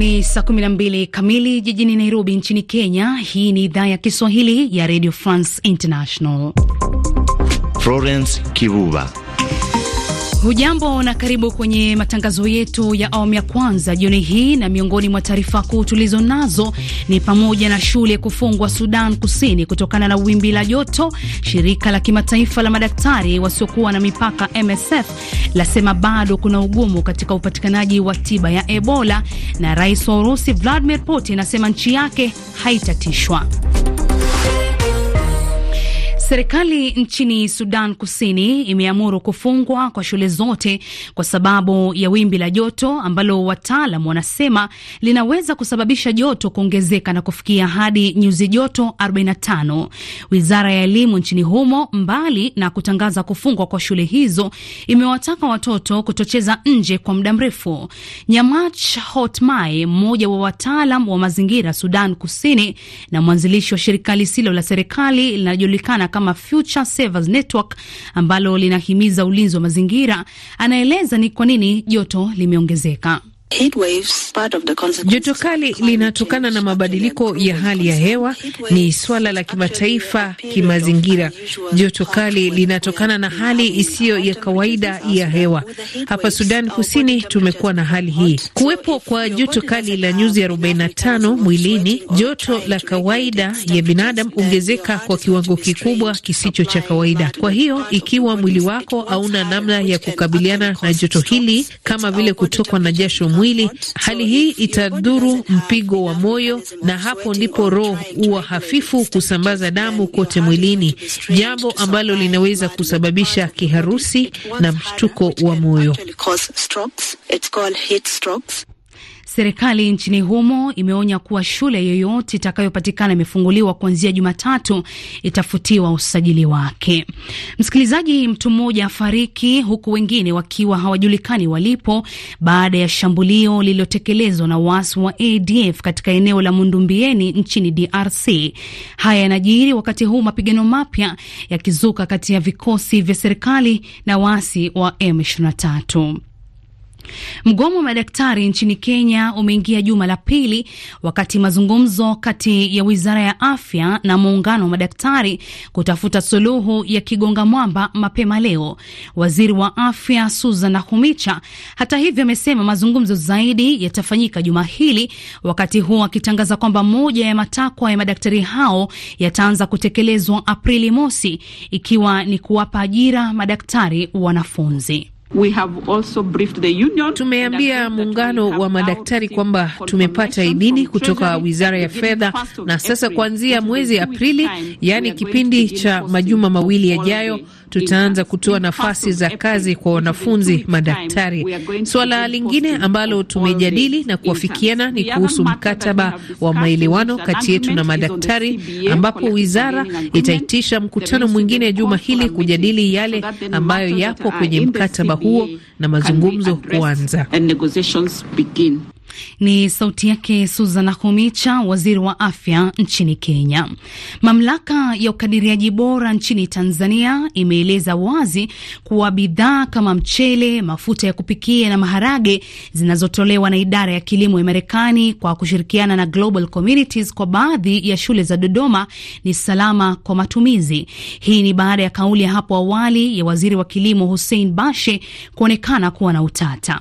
Ni saa 12 kamili jijini Nairobi nchini Kenya. Hii ni idhaa ya Kiswahili ya Radio France International. Florence Kivuva Hujambo na karibu kwenye matangazo yetu ya awamu ya kwanza jioni hii, na miongoni mwa taarifa kuu tulizo nazo ni pamoja na shule kufungwa Sudan Kusini kutokana na wimbi la joto. Shirika la kimataifa la madaktari wasiokuwa na mipaka MSF lasema bado kuna ugumu katika upatikanaji wa tiba ya Ebola, na rais wa Urusi Vladimir Putin anasema nchi yake haitatishwa. Serikali nchini Sudan Kusini imeamuru kufungwa kwa shule zote kwa sababu ya wimbi la joto ambalo wataalam wanasema linaweza kusababisha joto kuongezeka na kufikia hadi nyuzi joto 45. Wizara ya elimu nchini humo, mbali na kutangaza kufungwa kwa shule hizo, imewataka watoto kutocheza nje kwa muda mrefu. Nyamach Hotmai, mmoja wa wataalam wa mazingira Sudan Kusini na mwanzilishi wa shirika lisilo la serikali linalojulikana kama Future Savers Network ambalo linahimiza ulinzi wa mazingira, anaeleza ni kwa nini joto limeongezeka. Joto kali linatokana na mabadiliko ya hali ya hewa, ni swala la kimataifa kimazingira. Joto kali linatokana na hali isiyo ya kawaida ya hewa. Hapa Sudan Kusini tumekuwa na hali hii, kuwepo kwa joto kali la nyuzi 45 mwilini. Joto la kawaida ya binadamu ongezeka kwa kiwango kikubwa kisicho cha kawaida. Kwa hiyo ikiwa mwili wako hauna namna ya kukabiliana na joto hili kama vile kutokwa na jasho mwili, hali hii itadhuru mpigo wa moyo, na hapo ndipo roho huwa hafifu kusambaza damu kote mwilini, jambo ambalo linaweza kusababisha kiharusi na mshtuko wa moyo. Serikali nchini humo imeonya kuwa shule yoyote itakayopatikana imefunguliwa kuanzia Jumatatu itafutiwa usajili wake. Msikilizaji, mtu mmoja afariki huku wengine wakiwa hawajulikani walipo baada ya shambulio lililotekelezwa na waasi wa ADF katika eneo la Mundumbieni nchini DRC. Haya yanajiri wakati huu mapigano mapya yakizuka kati ya vikosi vya serikali na waasi wa M23. Mgomo wa madaktari nchini Kenya umeingia juma la pili, wakati mazungumzo kati ya wizara ya afya na muungano wa madaktari kutafuta suluhu ya kigonga mwamba mapema leo. Waziri wa afya Susan Nakhumicha, hata hivyo, amesema mazungumzo zaidi yatafanyika juma hili, wakati huo akitangaza kwamba moja ya matakwa ya madaktari hao yataanza kutekelezwa Aprili mosi, ikiwa ni kuwapa ajira madaktari wanafunzi. We have also briefed the union. Tumeambia muungano wa madaktari kwamba tumepata idhini kutoka Wizara ya Fedha na sasa kuanzia mwezi Aprili, yaani kipindi cha majuma mawili yajayo tutaanza kutoa nafasi za kazi kwa wanafunzi madaktari. Suala lingine ambalo tumejadili na kuafikiana ni kuhusu mkataba wa maelewano kati yetu na madaktari, ambapo wizara itaitisha mkutano mwingine juma hili kujadili yale ambayo yapo kwenye mkataba huo na mazungumzo kuanza. Ni sauti yake Susan Nakhumicha, waziri wa afya nchini Kenya. Mamlaka ya ukadiriaji bora nchini Tanzania imeeleza wazi kuwa bidhaa kama mchele, mafuta ya kupikia na maharage zinazotolewa na idara ya kilimo ya Marekani kwa kushirikiana na Global Communities kwa baadhi ya shule za Dodoma ni salama kwa matumizi. Hii ni baada ya kauli ya hapo awali ya waziri wa kilimo Hussein Bashe kuonekana kuwa na utata.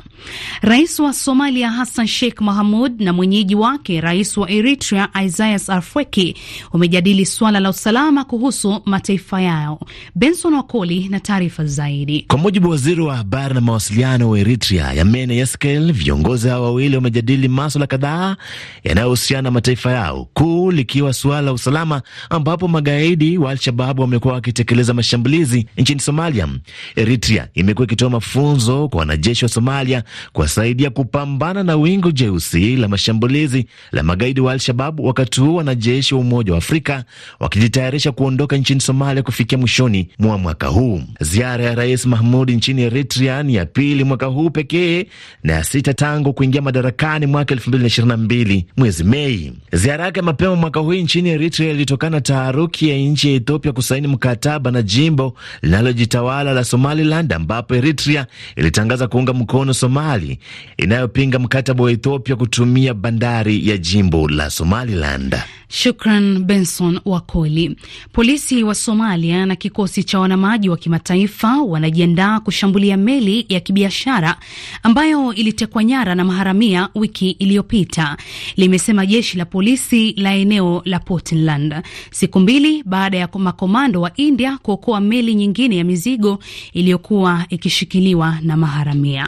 Rais wa Somalia Hassan Sheikh Mahamud na mwenyeji wake rais wa Eritrea Isaias Afwerki wamejadili suala la usalama kuhusu mataifa yao. Benson Wakoli na taarifa zaidi. Kwa mujibu wa waziri wa habari na mawasiliano wa Eritrea Yamene Yeskel, viongozi hao wawili wamejadili maswala kadhaa yanayohusiana na mataifa yao, kuu likiwa suala la usalama, ambapo magaidi wa al wamekuwa wakitekeleza mashambulizi nchini Somalia. Eritrea imekuwa ikitoa mafunzo kwa wanajeshi wa Somalia kuwasaidia kupambana na wingi sanduku jeusi la mashambulizi la magaidi wa Al-Shabab, wakati huu wanajeshi wa Umoja wa Afrika wakijitayarisha kuondoka nchini Somalia kufikia mwishoni mwa mwaka huu. Ziara ya Rais Mahmud nchini Eritrea ni ya pili mwaka huu pekee na ya sita tangu kuingia madarakani mwaka 2022 mwezi Mei. Ziara yake mapema mwaka huu nchini Eritrea ilitokana taharuki ya nchi ya Ethiopia kusaini mkataba na jimbo linalojitawala la Somaliland, ambapo Eritrea ilitangaza kuunga mkono Somali inayopinga mkataba wa Ethiopia kutumia bandari ya jimbo la Somaliland. Shukran Benson Wakoli. Polisi wa Somalia na kikosi cha wanamaji wa kimataifa wanajiandaa kushambulia meli ya kibiashara ambayo ilitekwa nyara na maharamia wiki iliyopita, limesema jeshi la polisi la eneo la Puntland, siku mbili baada ya makomando wa India kuokoa meli nyingine ya mizigo iliyokuwa ikishikiliwa na maharamia.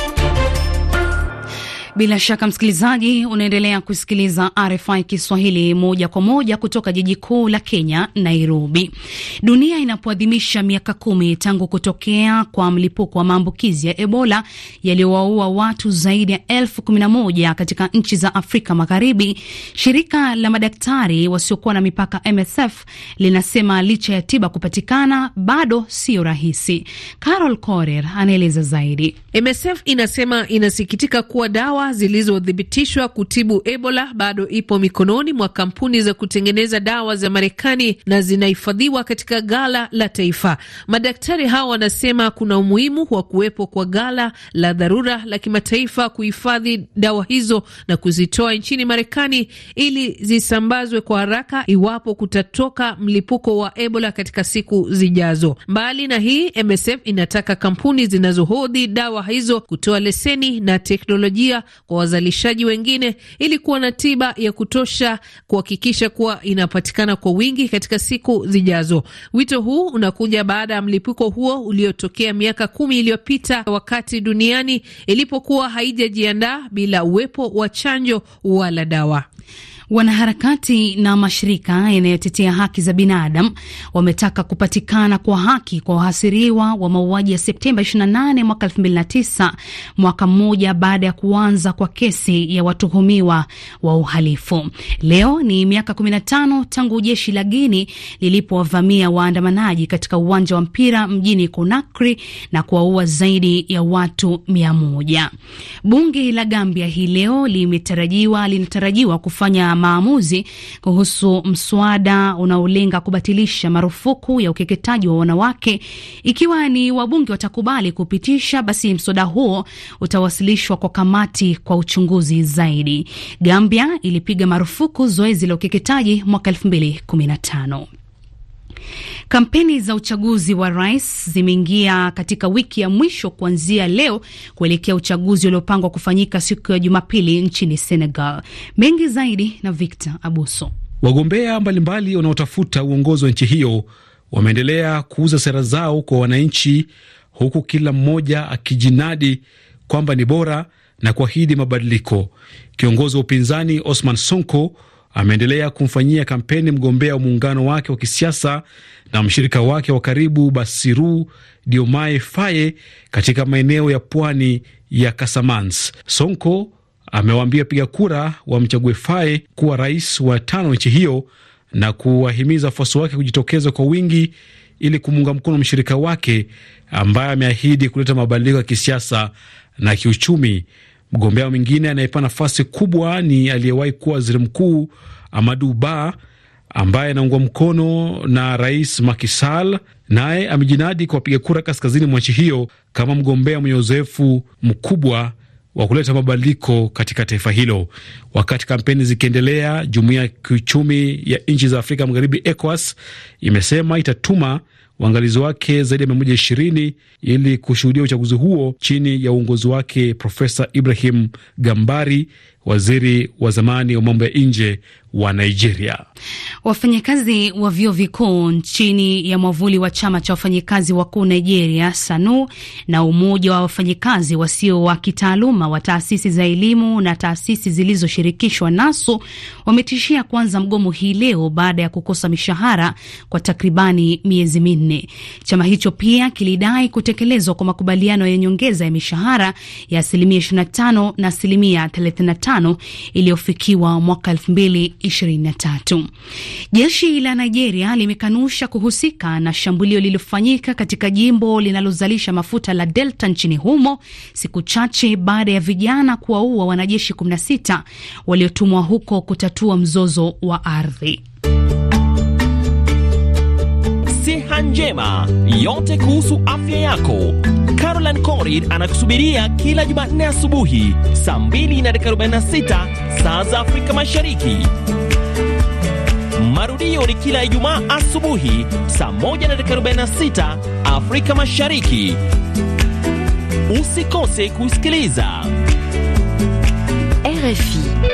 Bila shaka msikilizaji, unaendelea kusikiliza RFI Kiswahili moja kwa moja kutoka jiji kuu la Kenya, Nairobi. Dunia inapoadhimisha miaka kumi tangu kutokea kwa mlipuko wa maambukizi ya Ebola yaliyowaua watu zaidi ya elfu kumi na moja katika nchi za Afrika Magharibi, shirika la madaktari wasiokuwa na mipaka MSF linasema licha ya tiba kupatikana bado sio rahisi. Carol Korer anaeleza zaidi. MSF inasema inasikitika kuwa dawa dawa zilizothibitishwa kutibu Ebola bado ipo mikononi mwa kampuni za kutengeneza dawa za Marekani na zinahifadhiwa katika ghala la taifa. Madaktari hawa wanasema kuna umuhimu wa kuwepo kwa ghala la dharura la kimataifa kuhifadhi dawa hizo na kuzitoa nchini Marekani ili zisambazwe kwa haraka iwapo kutatoka mlipuko wa Ebola katika siku zijazo. Mbali na hii, MSF inataka kampuni zinazohodhi dawa hizo kutoa leseni na teknolojia kwa wazalishaji wengine ili kuwa na tiba ya kutosha kuhakikisha kuwa inapatikana kwa wingi katika siku zijazo. Wito huu unakuja baada ya mlipuko huo uliotokea miaka kumi iliyopita wakati duniani ilipokuwa haijajiandaa bila uwepo wa chanjo wala dawa. Wanaharakati na mashirika yanayotetea haki za binadamu wametaka kupatikana kwa haki kwa wahasiriwa wa mauaji ya Septemba 28 mwaka 2009, mwaka mmoja baada ya kuanza kwa kesi ya watuhumiwa wa uhalifu. Leo ni miaka 15 tangu jeshi la Guini lilipowavamia waandamanaji katika uwanja wa mpira mjini Conakry na kuwaua zaidi ya watu 100. Bunge la Gambia hii leo limetarajiwa linatarajiwa kufanya maamuzi kuhusu mswada unaolenga kubatilisha marufuku ya ukeketaji wa wanawake. Ikiwa ni wabunge watakubali kupitisha, basi mswada huo utawasilishwa kwa kamati kwa uchunguzi zaidi. Gambia ilipiga marufuku zoezi la ukeketaji mwaka el215 Kampeni za uchaguzi wa rais zimeingia katika wiki ya mwisho kuanzia leo kuelekea uchaguzi uliopangwa kufanyika siku ya Jumapili nchini Senegal. Mengi zaidi na Victor Abuso. Wagombea mbalimbali wanaotafuta uongozi wa nchi hiyo wameendelea kuuza sera zao kwa wananchi, huku kila mmoja akijinadi kwamba ni bora na kuahidi mabadiliko. Kiongozi wa upinzani Osman Sonko ameendelea kumfanyia kampeni mgombea wa muungano wake wa kisiasa na mshirika wake wa karibu Basiru Diomaye Faye katika maeneo ya pwani ya Kasamans. Sonko amewaambia piga kura wamchague Faye kuwa rais wa tano nchi hiyo na kuwahimiza wafuasi wake kujitokeza kwa wingi ili kumuunga mkono mshirika wake ambaye ameahidi kuleta mabadiliko ya kisiasa na kiuchumi. Mgombea mwingine anayepa nafasi kubwa ni aliyewahi kuwa waziri mkuu Amadu Ba ambaye anaungwa mkono na rais Macky Sall, naye amejinadi kwa wapiga kura kaskazini mwa nchi hiyo kama mgombea mwenye uzoefu mkubwa wa kuleta mabadiliko katika taifa hilo. Wakati kampeni zikiendelea, jumuiya ya kiuchumi ya nchi za Afrika Magharibi, ECOWAS, imesema itatuma waangalizi wake zaidi ya ishirini ili kushuhudia uchaguzi huo chini ya uongozi wake Profesa Ibrahim Gambari waziri wa zamani wa mambo ya nje wa Nigeria. Wafanyakazi wa vyuo vikuu chini ya mwavuli wa chama cha wafanyakazi wakuu Nigeria, SANU, na umoja wa wafanyakazi wasio wa kitaaluma wa taasisi za elimu na taasisi zilizoshirikishwa NASU wametishia kuanza mgomo hii leo baada ya kukosa mishahara kwa takribani miezi minne. Chama hicho pia kilidai kutekelezwa kwa makubaliano ya nyongeza ya mishahara ya asilimia 25 na asilimia 35 tano iliyofikiwa mwaka 2023. Jeshi la Nigeria limekanusha kuhusika na shambulio lililofanyika katika jimbo linalozalisha mafuta la Delta nchini humo siku chache baada ya vijana kuwaua wanajeshi 16 waliotumwa huko kutatua mzozo wa ardhi. Siha njema yote kuhusu afya yako Karo Korir anakusubiria kila Jumanne asubuhi saa 2 na dakika 46 saa za Afrika Mashariki. Marudio ni kila Ijumaa asubuhi saa 1 na dakika 46 Afrika Mashariki. Usikose kusikiliza RFI.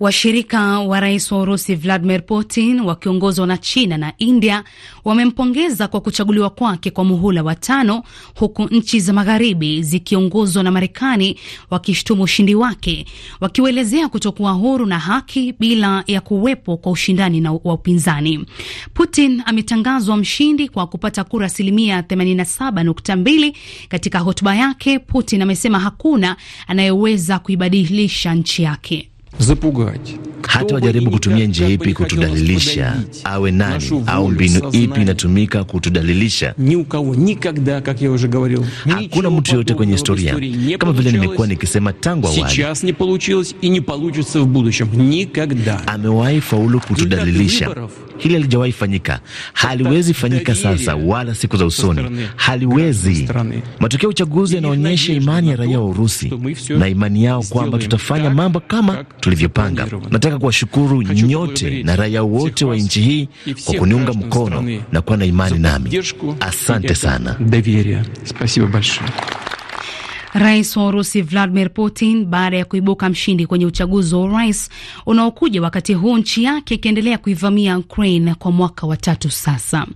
Washirika wa rais wa Urusi Vladimir Putin wakiongozwa na China na India wamempongeza kwa kuchaguliwa kwake kwa muhula wa tano, huku nchi za magharibi zikiongozwa na Marekani wakishtumu ushindi wake, wakiuelezea kutokuwa huru na haki bila ya kuwepo kwa ushindani na wa upinzani. Putin ametangazwa mshindi kwa kupata kura asilimia 87.2. Katika hotuba yake, Putin amesema hakuna anayeweza kuibadilisha nchi yake. Hata wajaribu kutumia njia ipi kutudalilisha, awe nani au mbinu ipi inatumika kutudalilisha, hakuna mtu yoyote kwenye historia, kama vile nimekuwa nikisema tangu awali, amewahi faulu kutudalilisha. Hili halijawahi fanyika, haliwezi fanyika sasa wala siku za usoni, haliwezi. Matokeo ya uchaguzi yanaonyesha imani ya raia wa Urusi na imani yao kwamba tutafanya mambo kama tu tulivyopanga. Nataka kuwashukuru nyote na raia wote wa nchi hii kwa kuniunga mkono na kuwa na imani nami. Asante sana. Rais wa Urusi Vladimir Putin baada ya kuibuka mshindi kwenye uchaguzi wa urais unaokuja wakati huu nchi yake ikiendelea kuivamia Ukraine kwa mwaka wa tatu sasa.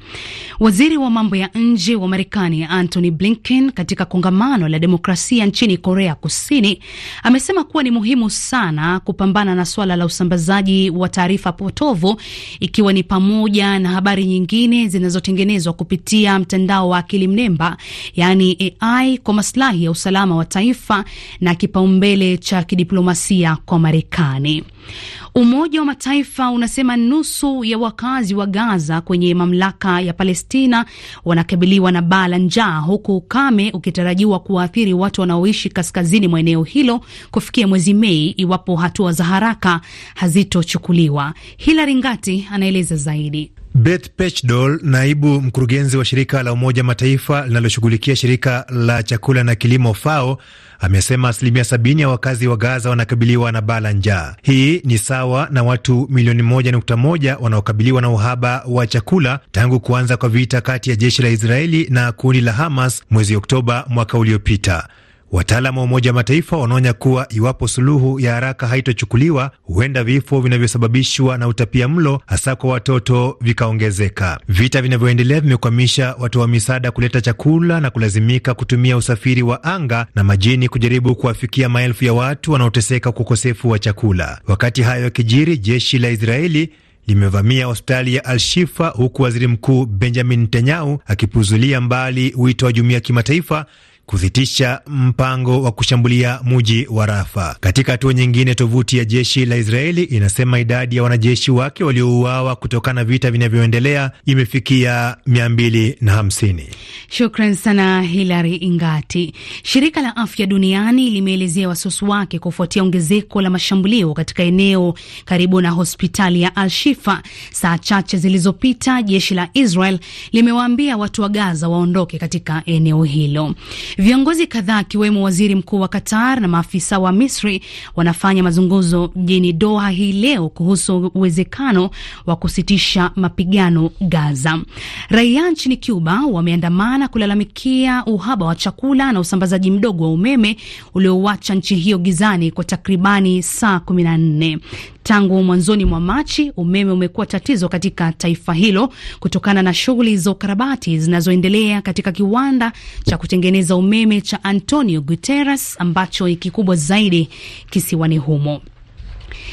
Waziri wa mambo ya nje wa Marekani Antony Blinken katika kongamano la demokrasia nchini Korea Kusini amesema kuwa ni muhimu sana kupambana na swala la usambazaji wa taarifa potovu ikiwa ni pamoja na habari nyingine zinazotengenezwa kupitia mtandao wa akili mnemba, yaani AI kwa maslahi ya usalama usalama wa taifa na kipaumbele cha kidiplomasia kwa Marekani. Umoja wa Mataifa unasema nusu ya wakazi wa Gaza kwenye mamlaka ya Palestina wanakabiliwa na baa la njaa, huku ukame ukitarajiwa kuwaathiri watu wanaoishi kaskazini mwa eneo hilo kufikia mwezi Mei iwapo hatua za haraka hazitochukuliwa. Hilari Ngati anaeleza zaidi. Beth Pechdol, naibu mkurugenzi wa shirika la Umoja Mataifa linaloshughulikia shirika la chakula na kilimo FAO, amesema asilimia sabini ya wakazi wa Gaza wanakabiliwa na baa la njaa. Hii ni sawa na watu milioni moja nukta moja wanaokabiliwa na uhaba wa chakula tangu kuanza kwa vita kati ya jeshi la Israeli na kundi la Hamas mwezi Oktoba mwaka uliopita. Wataalamu wa Umoja wa Mataifa wanaonya kuwa iwapo suluhu ya haraka haitochukuliwa, huenda vifo vinavyosababishwa na utapia mlo hasa kwa watoto vikaongezeka. Vita vinavyoendelea vimekwamisha watu wa misaada kuleta chakula na kulazimika kutumia usafiri wa anga na majini kujaribu kuwafikia maelfu ya watu wanaoteseka kwa ukosefu wa chakula. Wakati hayo yakijiri, jeshi la Israeli limevamia hospitali ya Al-Shifa huku waziri mkuu Benjamin Netanyahu akipuzulia mbali wito wa jumuiya ya kimataifa kusitisha mpango wa kushambulia muji wa Rafa. Katika hatua nyingine, tovuti ya jeshi la Israeli inasema idadi ya wanajeshi wake waliouawa kutokana na vita vinavyoendelea imefikia 250. Shukran sana Hilary Ingati. Shirika la Afya Duniani limeelezea wasiwasi wake kufuatia ongezeko la mashambulio katika eneo karibu na hospitali ya Al-Shifa. Saa chache zilizopita, jeshi la Israel limewaambia watu wa Gaza waondoke katika eneo hilo. Viongozi kadhaa akiwemo waziri mkuu wa Qatar na maafisa wa Misri wanafanya mazungumzo mjini Doha hii leo kuhusu uwezekano wa kusitisha mapigano Gaza. Raia nchini Cuba wameandamana kulalamikia uhaba wa chakula na usambazaji mdogo wa umeme uliowacha nchi hiyo gizani kwa takribani saa 14. Tangu mwanzoni mwa Machi, umeme umekuwa tatizo katika taifa hilo kutokana na shughuli za ukarabati zinazoendelea katika kiwanda cha kutengeneza umeme umeme cha Antonio Guterres ambacho ni kikubwa zaidi kisiwani humo.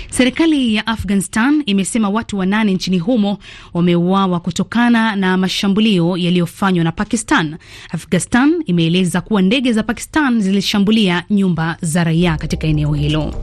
Serikali ya Afghanistan imesema watu wanane nchini humo wameuawa kutokana na mashambulio yaliyofanywa na Pakistan. Afghanistan imeeleza kuwa ndege za Pakistan zilishambulia nyumba za raia katika eneo hilo.